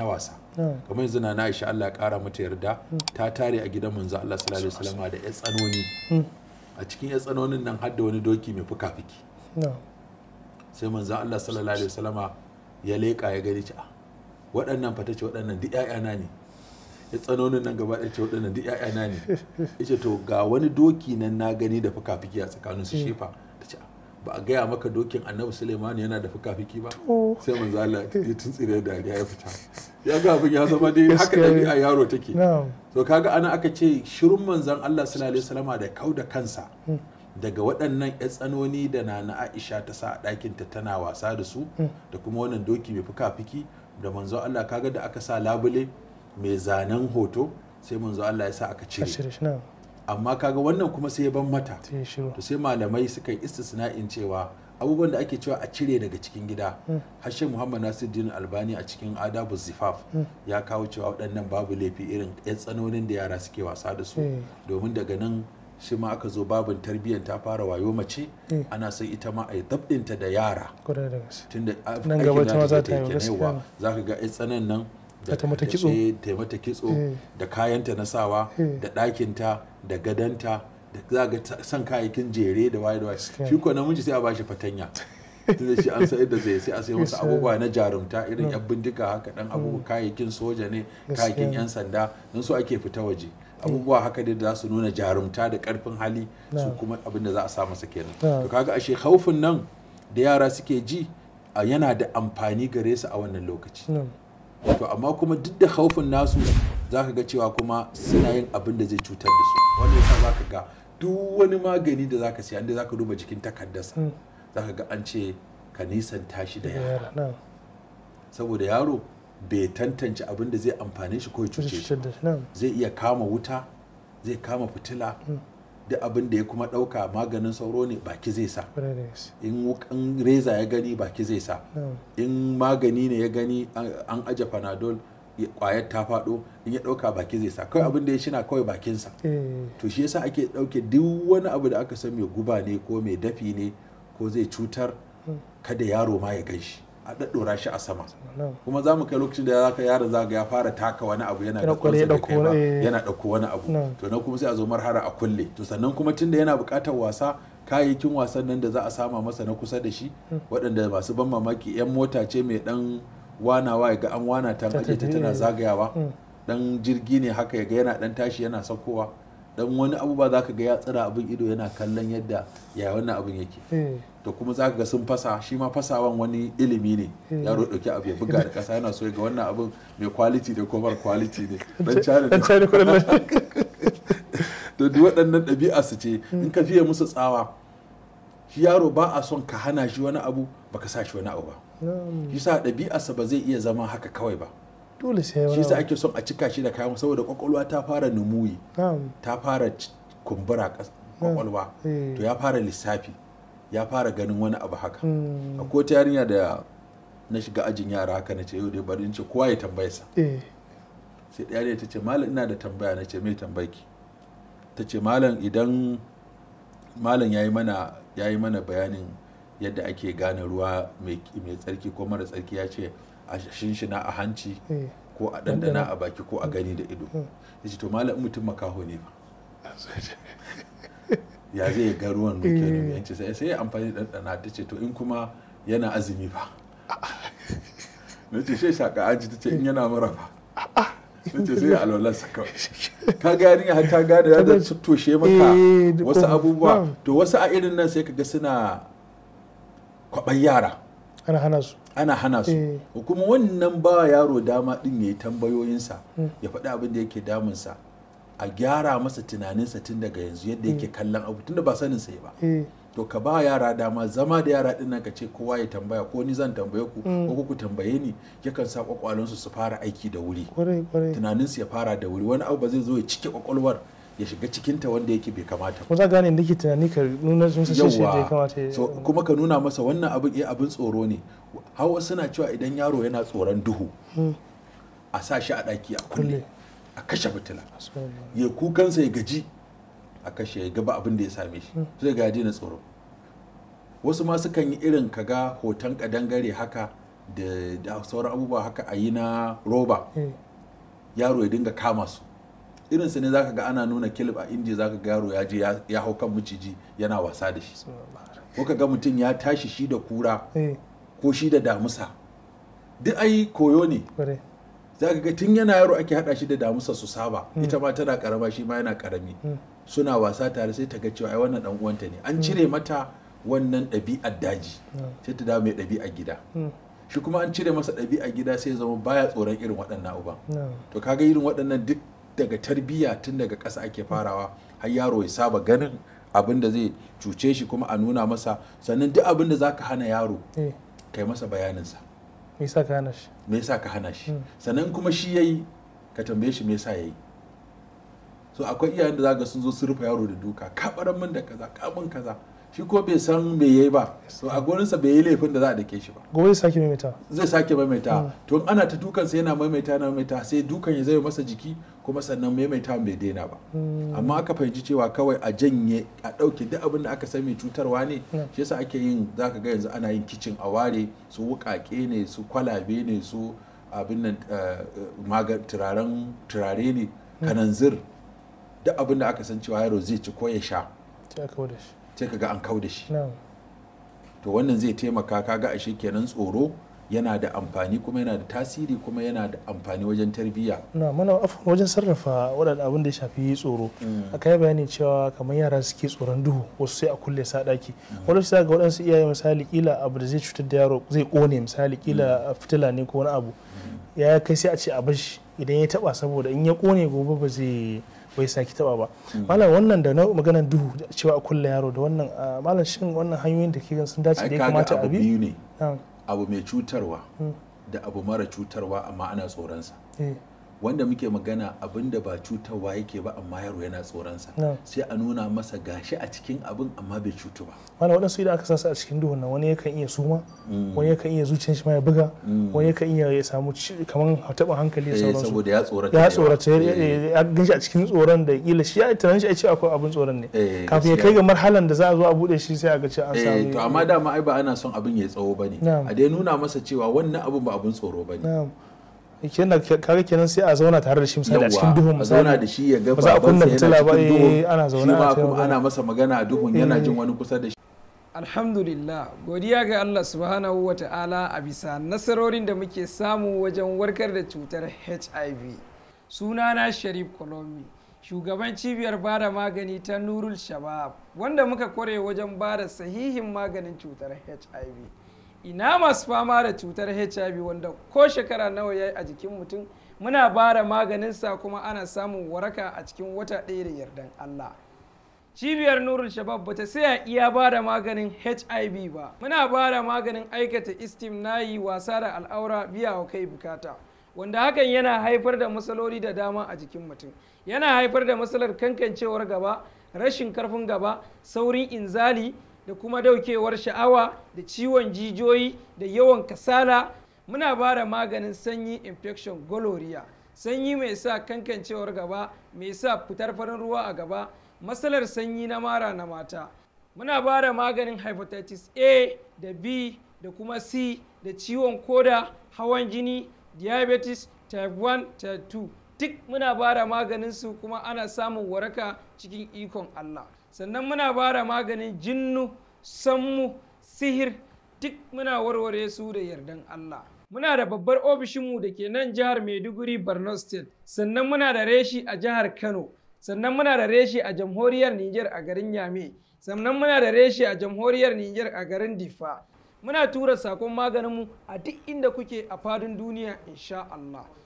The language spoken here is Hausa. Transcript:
na wasa kamar yanzu na Aisha Allah kara mata yarda ta tare a gidan manzo Allah sallallahu alaihi wasallam da tsanoni hmm. a cikin ya tsanonin nan hadda wani doki mai fuka fiki sai manzo Allah sallallahu alaihi wasallam ya leka ya gani ci ah, waɗannan fata ce waɗannan duk ƴaƴana ne ya tsanonin nan gaba ɗaya ce waɗannan duk ƴaƴana ne yace to ga wani doki nan na gani da fuka fiki a tsakanin su hmm. shefa ba a gaya maka dokin annabi suleiman yana da fuka ba sai manzo Allah ya tuntsire da ya fita ya ga abin ya zama dai haka da a yaro take to kaga ana aka ce shirin manzon Allah sallallahu alaihi salama da kau da kansa hmm. daga waɗannan ya tsanoni da na na Aisha ta sa a ɗakin ta tana wasa da su hmm. da kuma wannan doki mai fuka da manzo Allah kaga da aka sa labule mai zanen hoto sai manzo Allah ya sa aka cire amma kaga wannan kuma sai ya ban mata to sai malamai suka yi istisna'in cewa abubuwan da ake cewa a cire daga cikin gida hmm. hashe muhammad nasiruddin albani a cikin adabu zifaf hmm. ya kawo cewa waɗannan babu laifi irin yan tsanonin da yara suke wasa da su hmm. domin daga nan shi ma aka zo babin tarbiyyar ta fara wayo mace ana son ita ma a yi dabɗinta da yara tunda aikin da ta yi za ka ga yan tsanan nan da ta mata kitso da eh. kayanta na sawa eh. da ɗakinta da gadanta da za ga san kayayyakin jere da waye da waye shi ko namiji sai a bashi fatanya tunda shi an sayar da zai sai a sai masa abubuwa na jarumta irin yan bindiga haka dan abubuwa mm. kayakin soja ne kayakin yan sanda don su ake fita waje eh. abubuwa haka da za su nuna jarumta da karfin hali su kuma abin da za a sa masa kenan to kaga ashe haufin nan da yara suke ji yana da amfani gare su a wannan lokaci to amma kuma duk da haufin nasu za ka ga cewa kuma suna yin abin da zai cutar da su wanda yasa za ka ga duk wani magani da za ka siya inda za ka duba jikin takardarsa hmm. za ka ga an ce ka nisanta shi da yara saboda yaro bai tantance abin da zai amfane shi ko ya cuce shi zai iya kama wuta zai kama fitila hmm. duk abin da ya kuma ɗauka maganin sauro ne baki zai sa in wukan reza ya gani baki zai sa in magani ne ya gani an aje panadol kwayar ta faɗo in ya ɗauka baki zai sa kawai abin da ya shina kawai bakinsa eh. to shi yasa ake ɗauke duk wani abu da aka san mai guba ne ko mai dafi ne ko zai cutar hmm. kada yaro ma ya gan shi a daddora shi a sama kuma za mu kai lokacin da zaka yaro ga ya fara taka wani abu yana da yana dauko eh. wani abu to na kuma sai a zo marhara a kulle to sannan kuma tunda yana bukatar wasa kayayyakin wasan nan da za a sama masa na kusa da shi hmm. waɗanda masu ban mamaki 'yan mota ce mai dan wanawa ga an wana ta ta tana eh. zagayawa dan hmm. jirgi ne haka ya ga yana dan tashi yana saukowa dan wani abubuwa za ka ga ya tsira abin ido yana kallon yadda ya wannan abin yake eh. to kuma za ka ga sun fasa shi ma fasawan wani ilimi ne eh. yaro ɗauki abu ya buga da ƙasa yana so ga wannan abin mai quality da kuma quality ne dan cari dan cari to duk waɗannan ɗabi'a su ce hmm. in ka fiye musu tsawa shi yaro ba a son ka hana shi wani abu baka sa shi wani abu ba hmm. shi sa ɗabi'arsa ba zai iya zama haka kawai ba dole sai shi sa ake son a cika shi da kayan saboda kwakwalwa ta fara numuyi ta fara kumbura kwakwalwa eh. to ya fara lissafi ya fara ganin wani abu haka a ko ta yarinya da na shiga ajin yara haka na ce yau dai bari ce kowa ya tambaye sa eh. sai ɗaya ne ta ce malam ina da tambaya na ce mai tambaki ta ce malam idan malam ya yi mana ya yi mana bayanin yadda ake gane ruwa mai tsarki ko mara tsarki ya ce a shinshina a hanci eh. ko a dandana a baki ko a gani da ido hmm. ya ce to malam mutum makaho ne ba ya zai ga ruwan da ke eh. nuna yanci sai sai amfani da dandana. ta ce to in kuma yana azumi ba na ce shi shaka aji ta ce in yana mara ba na ce sai alwalarsa kawai ka gani ya ta gane ya eh, da toshe maka wasu abubuwa to wasu a irin nan sai ka ga suna kwaɓan yara ana hana su ana hana su eh. kuma wannan ba yaro dama din ya yi tambayoyinsa ya faɗi abin da yake sa a gyara masa tunaninsa tun daga yanzu yadda yake eh. kallon abu tun da ba sanin sai ba eh. to ka ba yara dama zama da yara din nan ka ce kowa ya tambaya ko ni zan tambaye ku mm. ko ku tambaye ni yakan sa kwakwalonsu su fara aiki da wuri tunaninsu ya fara da wuri wani abu ba zai zo ya cike kwakwalwar ya shiga cikinta wanda yake bai kamata ba. Wata gane nake tunani ka nuna sun sashe shi da ya kamata so, kuma ka nuna masa wannan abin eh abin tsoro ne. Hawa suna cewa idan yaro yana tsoron duhu hmm. a sa shi a ɗaki a kulle a kashe fitila. Ya kukansa ya gaji a kashe ya gaba abin da ya same shi. Sai hmm. ga na tsoro. Wasu ma sukan yi irin ka ga hoton kadangare haka da sauran abubuwa haka a yi na roba. Hmm. Yaro ya dinga kama su. irin su ne ka ga ana nuna kilib a inji zaka ga yaro ya je ya hau kan maciji yana wasa da shi ko ka ga mutum ya tashi shi da kura eh. ko shi da damusa duk ai koyo ne zaka ga tun yana yaro ake hada shi da damusa su saba hmm. ita ma tana karama shi ma yana karami hmm. suna wasa tare sai ta ga cewa ai wannan dan uwanta ne an hmm. cire mata wannan ɗabi'ar daji sai ta dawo mai ɗabi'ar gida shi kuma an cire masa ɗabi'ar gida sai ya zama baya tsoron irin waɗannan uban to kaga irin waɗannan duk daga tarbiyya tun daga ƙasa ake farawa har yaro ya saba ganin abin da zai cuce shi kuma a nuna masa sannan duk abin da zaka hana yaro eh. kai masa bayaninsa me ka shi me ka hana shi hmm. sannan kuma shi yayi ka tambaye shi me yasa yi so akwai iyayen da zaka sun zo su rufe yaro da duka ka baran min da kaza ka min kaza shi ko bai san me yayi ba to a gurinsa bai yi laifin da za a dake shi ba gobe zai sake maimaita zai sake maimaita hmm. to ana ta dukan sai yana maimaita na maimaita sai dukan ya zai masa jiki kuma sannan maimaita bai daina ba hmm. amma aka fahimci cewa kawai a janye a ɗauke duk abin da aka san mai cutarwa ne hmm. shi yasa ake yin zaka ga yanzu ana yin kicin a ware su wukake ne su kwalabe ne su abin nan eh, eh, turaren turare ne kananzir duk abin da aka san cewa yaro zai ci ko ya sha sai ka an kau da shi to wannan zai taimaka ka ga ashe kenan tsoro yana da amfani kuma yana da tasiri kuma yana da amfani wajen tarbiyya na mana wajen sarrafa waɗanda abin da ya shafi tsoro mm. a yi bayani cewa kamar yara suke tsoron duhu wasu sai a kulle sa ɗaki mm. wani su ga waɗansu iyaye misali kila abu da zai cutar da yaro zai kone misali kila mm. fitila ne ko wani abu ya kai sai a ce a bar idan ya taba saboda in ya kone gobe ba zai bai saki taba ba mm. malam wannan da maganar duhu cewa a kulla yaro da wannan malam shin wannan hanyoyin da ke gan sun dace da ya kamata a bi abu mai cutarwa mm. da abu mara cutarwa amma ana tsoronsa eh. wanda muke magana abin da ba cutarwa yake ba amma yaro yana tsoronsa sai a nuna masa gashi a cikin abin amma bai cutu ba wani waɗansu idan aka sasa a cikin duhun nan wani yakan iya suma mm. wani yakan iya zuciyar shi ma ya buga mm. wani yakan iya ya samu kaman taɓa hankali ya eh, sauransu saboda ya tsorata ya tsorata ya eh. ganshi a cikin tsoron da kila shi ya tunanin shi a cewa akwai abin tsoron ne eh, kafin ya kai ga marhalan da za a zo a bude shi sai a ga cewa an samu to amma dama ai ba ana son abin ya tsawo bane a dai nuna masa cewa wannan abin ba abin tsoro bane kenan kaga kenan sai a zauna tare da shi misali a cikin duhun misali zauna da shi ya ga a kunna fitila ba eh, ana zauna a kuma ana masa magana a duhun yana jin eh. wani kusa da shi alhamdulillah godiya ga Allah subhanahu wa ta'ala a bisa nasarorin da muke samu wajen warkar da cutar HIV sunana Sharif Kolomi shugaban cibiyar bada magani ta Nurul Shabab wanda muka kware wajen bada sahihin maganin cutar HIV ina masu fama da cutar hiv wanda ko shekara nawa ya yi a jikin mutum muna bara sa kuma ana samun waraka a cikin wata ɗaya da yardan allah cibiyar nurul shabab bata saya iya ba da maganin hiv ba muna ba maganin aikata istim nayi wasa da al'aura biya wa kai bukata wanda hakan yana haifar da matsaloli da dama a jikin mutum yana haifar da matsalar kankancewar gaba rashin karfin gaba saurin inzali da kuma daukewar sha'awa da ciwon jijiyoyi da yawan kasala muna bara maganin sanyi infection gonorrhea sanyi mai sa kankancewar gaba mai sa fitar farin ruwa a gaba matsalar sanyi na mara na mata muna bara maganin hepatitis a da b da kuma c da ciwon koda hawan jini diabetes type 1 type 2 duk muna bara maganin su kuma ana samun waraka cikin ikon Allah sannan muna bara maganin jinnu sammu sihir duk muna warware su da yardan Allah muna da babbar ofishinmu da ke nan jihar Maiduguri Borno State sannan muna da reshi a jihar Kano sannan muna da reshi a jamhuriyar Niger a garin Yame sannan muna da reshi a jamhuriyar Niger a garin Difa muna tura sakon maganinmu a duk inda kuke a fadin duniya insha Allah